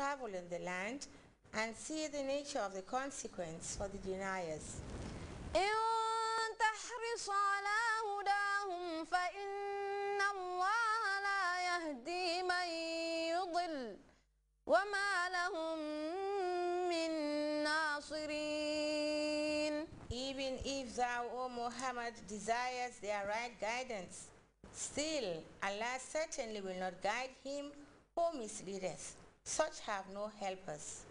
travel in the land and see the nature of the consequence for the deniers. Even if thou, O Muhammad, desires their right guidance, still Allah certainly will not guide him who misleadeth such have no helpers.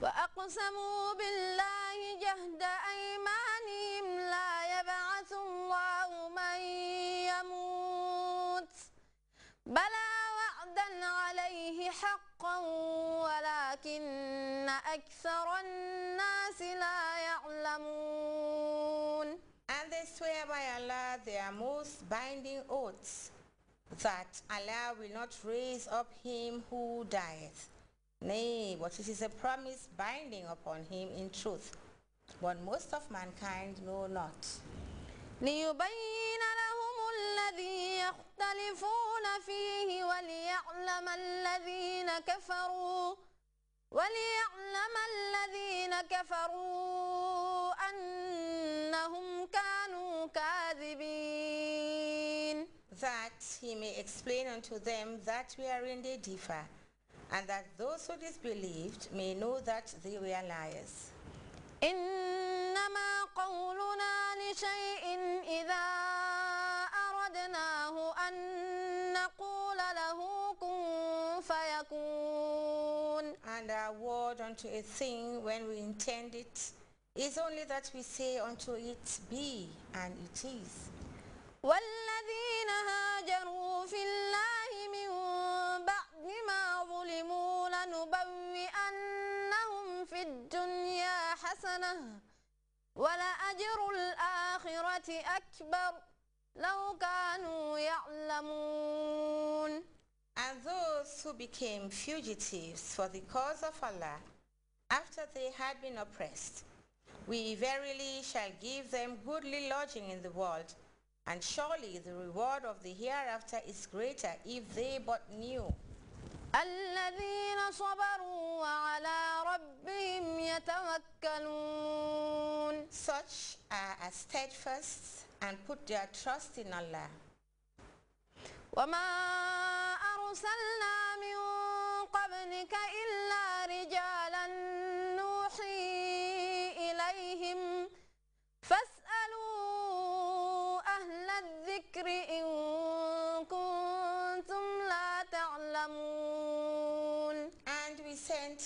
وأقسموا بالله جهد أيمانهم لا يبعث الله من يموت بلى وعدا عليه حقا ولكن أكثر الناس لا يعلمون And they swear by Allah their most binding oaths that Allah will not raise up him who dieth. Nay, but it is a promise binding upon him in truth. But most of mankind know not. ليبين لهم الذي يختلفون فيه وليعلم الذين كفروا وليعلم الذين كفروا he may explain unto them that wherein they differ, and that those who disbelieved may know that they were liars. إنما قولنا لشيء إذا أردناه أن نقول له كن فيكون And our word unto a thing when we intend it is only that we say unto it be and it is والذين هاجروا في الله من بعد ما ظلموا لنبوئنهم في الدنيا حسنة ولأجر الآخرة أكبر لو كانوا يعلمون And those who became fugitives for the cause of Allah after they had been oppressed, we verily shall give them goodly lodging in the world And surely the reward of the hereafter is greater if they but knew. Such are steadfast and put their trust in Allah. وما أرسلنا من قبلك إلا رجال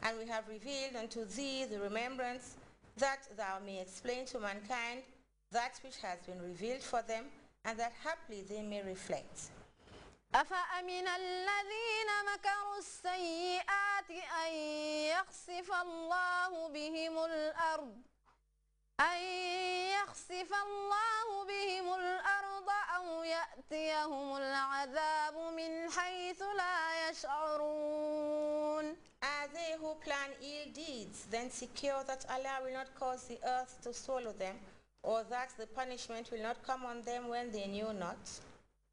And we have revealed unto thee the remembrance, that thou may explain to mankind that which has been revealed for them, and that haply they may reflect. أفأمن الذين مكروا السيئات أن يخسف الله بهم الأرض أن يخسف الله بهم الأرض أو يأتيهم العذاب من حيث لا then secure that Allah will not cause the earth to swallow them, or that the punishment will not come on them when they knew not.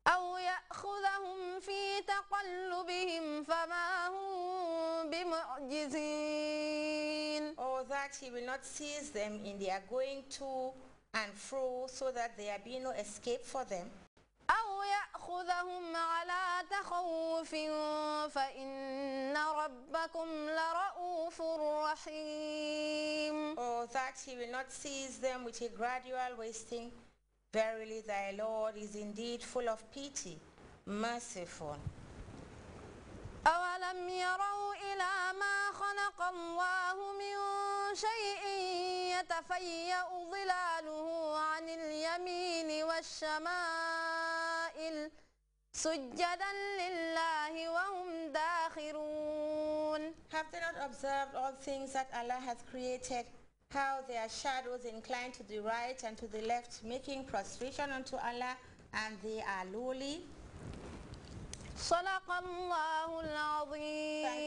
أو يأخذهم في تقلبهم فما هم بمعجزين Or that he will not seize them in their going to and fro so that there be no escape for them. أو يأخذهم على تخوف فإن ربكم لرؤوف رحيم Or that he will not seize them with a gradual wasting Verily thy Lord is indeed full of pity, merciful أولم يروا إلى ما خلق الله من شيء يتفيأ ظلاله عن اليمين والشمال سجدا لله وهم داخرون Have they not observed all things that Allah has created how their shadows incline to the right and to the left, making prostration unto Allah, and they are lowly. Thank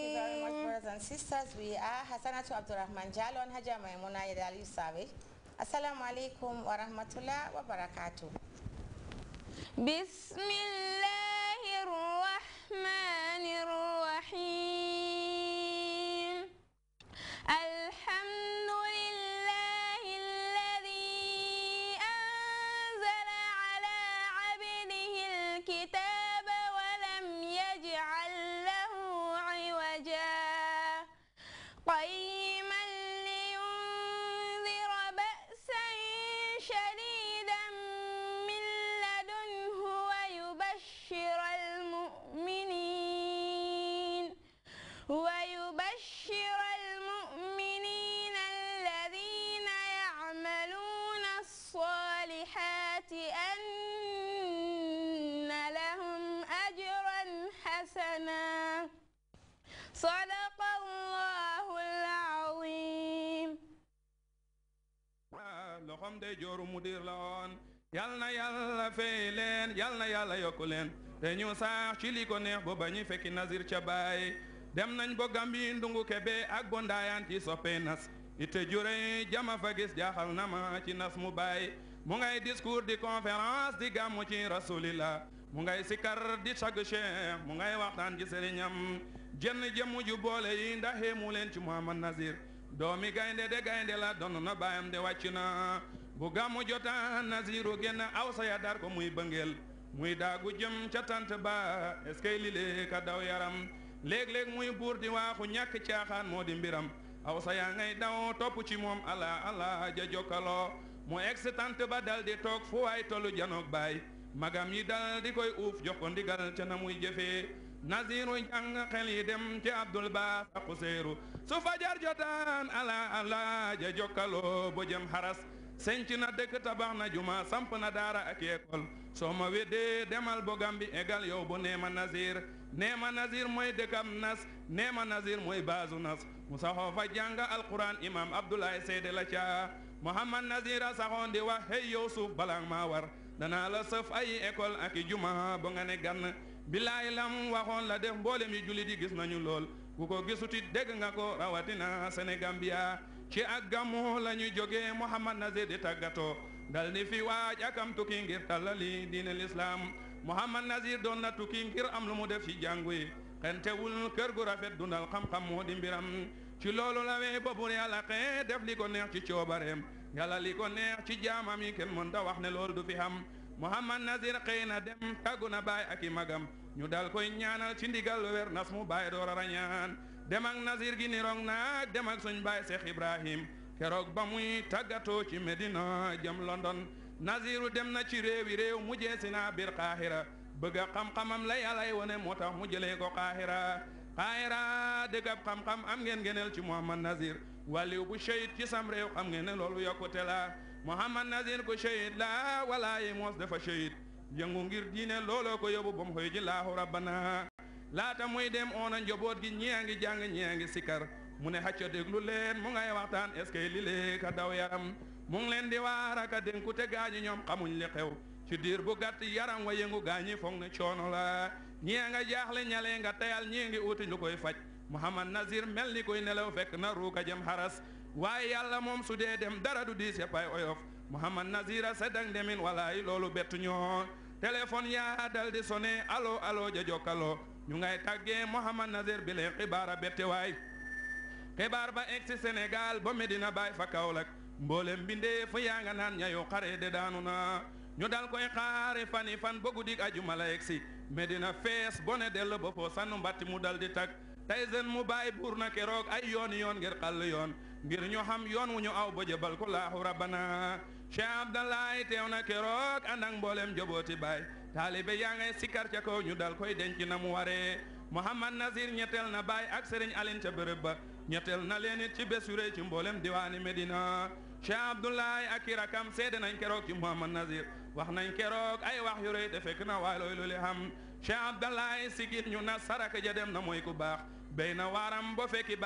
you very much, brothers and sisters. We are Hassanatu Abdurrahman Jalon Haja Maimuna Yadali Savage. Assalamu alaikum wa rahmatullah wa barakatuh. Bismillah. الرحمن الرحيم الحمد لله الذي أنزل على عبده الكتاب doom day jooru mu la woon yal na yàlla fay leen yal na yàlla yokk leen te ñu saax ci li ko neex ba ñu fekki nasir ca baay dem nañ bo gambi ndungu kebe ak bo ndaayaan ci soppe nas itte jure jama fa gis jaaxal na ma ci nas mu baay mu ngay discours di conférence di gàmmu ci rasulillah mu ngay sikar di tagg cheikh mu ngay waxtaan ci sëriñam jenn jëmm ju boole yi ndax mu leen ci muhammad nazir doomi gaynde de gaynde la donn na baayam de wàcc na bu gàmmu jotaan nasiru génn aw saya dar muy bëngeel muy daagu jëm ca tant ba est ka daw yaram léeg-léeg muy buur di waaxu ñàkk caaxaan moo di mbiram aw saya ngay daw topp ci moom ala ala ja jokkaloo mu egsi tant ba dal di toog fu waay tollu janoog baay magam yi dal di koy uuf jox ndigal ca na muy jëfee nasiru jàng xel yi dem ci abdul ba sa xuseeru su fajar jotaan ala ala ja jokkaloo bo jëm xaras senc na dëkk tabax na juma samp na daara ak école soo ma weddee demal bo gambi égal yow bu neema nazir neema nazir mooy dëkkam nas neema nazir mooy baasu nas mu saxoo fa jànga alquran imam abdoulaye seede la caa muhammad nazir a saxoon di wax hey yow suuf balang war danaa la sëf ay école ak i juma ba nga ne gann bilaay lam waxoon la def mboolem mi jullit di gis ñu lool ku ko gisuti dégg nga ko rawatina Sénégambia ci ak gamu la ñu jógee Muhammad Nazir di tàggatoo dal ni fi waaj akam tukki ngir tallali diine lislaam Muhammad Nazir doon na tukki ngir am lu mu def ci jàngu yi xentewul kër gu rafet dundal xam-xam moo di ci loolu la wey ba bur yàlla xee def li neex ci coobareem yàlla li ko neex ci jaamam yi kenn mënta wax ne lool du fi xam Muhammad Nazir xëy na dem tàggu na baay ak i magam ñu dal koy ñaanal ci ndigal lu wer nas mu baay door a dem ak nasir gi niroog na dem ak suñ baay Cheikh Ibrahim keroog ba muy tàggatoo ci Medina jëm London naziru dem na ci réewi réew mu naa biir Qahira bëgg a xam la yàllay wone moo tax mu jëlee ko Qahira Qahira dëgg ab xam am ngeen ngeneel ci Muhammad Nazir wàlliw bu shahid ci sam réew xam ngeen ne loolu yokkute la Muhammad Nazir ku shahid la walaayi moos dafa shahid yëngu ngir diine looloo ko yóbbu ba mu xëy ji laahu rabbana laata muy dem oona njoboot gi ñii ngi jàng ñii ngi sikar mu ne xacco déglu leen mu ngay waxtaan est ce que li lee ka daw yaram mu ngi leen di waara ka dénku te gaañi ñoom xamuñ li ci diir bu gàtt yaram wa yëngu gaañi foog ne coono la ñii nga jaaxle ñalee nga tayal ñii ngi lu koy faj Muhammad Nazir mel ni koy nelaw fekk na ruuka jëm xaras waaye yàlla moom su dee dem dara du diis yëppay oyof Muhammad Nazir a seddang demin walaay loolu bettu ñoo téléphone yaa dal di sonné allo ja jokkaloo ñu ngay tàggee Mouhamad Nazir bi leen a bette waay xibaar ba egg si Sénégal Medina Baay fa Kaolack mboolem bindee fu yaa nga naan ñayu xare de daanu na ñu dal koy xaare fani fan ba guddik ajuma la egg si Medina fees bone dell ba foo sannu mbatti mu dal di tag tey seen mu bàyyi buur na keroog ay yoon yoon ngir xàll yoon ngir ñu xam yoon wu ñu aw ba jëbal ko laahu rabbana Cheikh Abdallahi teew na keroog ànd ak mboolem jobooti baay taalibe yaa ngay sikkar ca kaw ñu dal koy denc na mu waree Mouhamad Nazir ñetteel na baay ak Serigne Aline ca bërëb ba ñetteel na leen it ci bés yu rëy ci mboolem diwaani Medina Cheikh Abdoulaye ak i rakam seede nañ keroog ci Mouhamad Nazir wax nañ keroog ay wax yu rëy te fekk na waalo looy lu xam Cheikh Abdoulaye sigit ñu na saraka ja dem na mooy ku baax béy na waaram ba fekki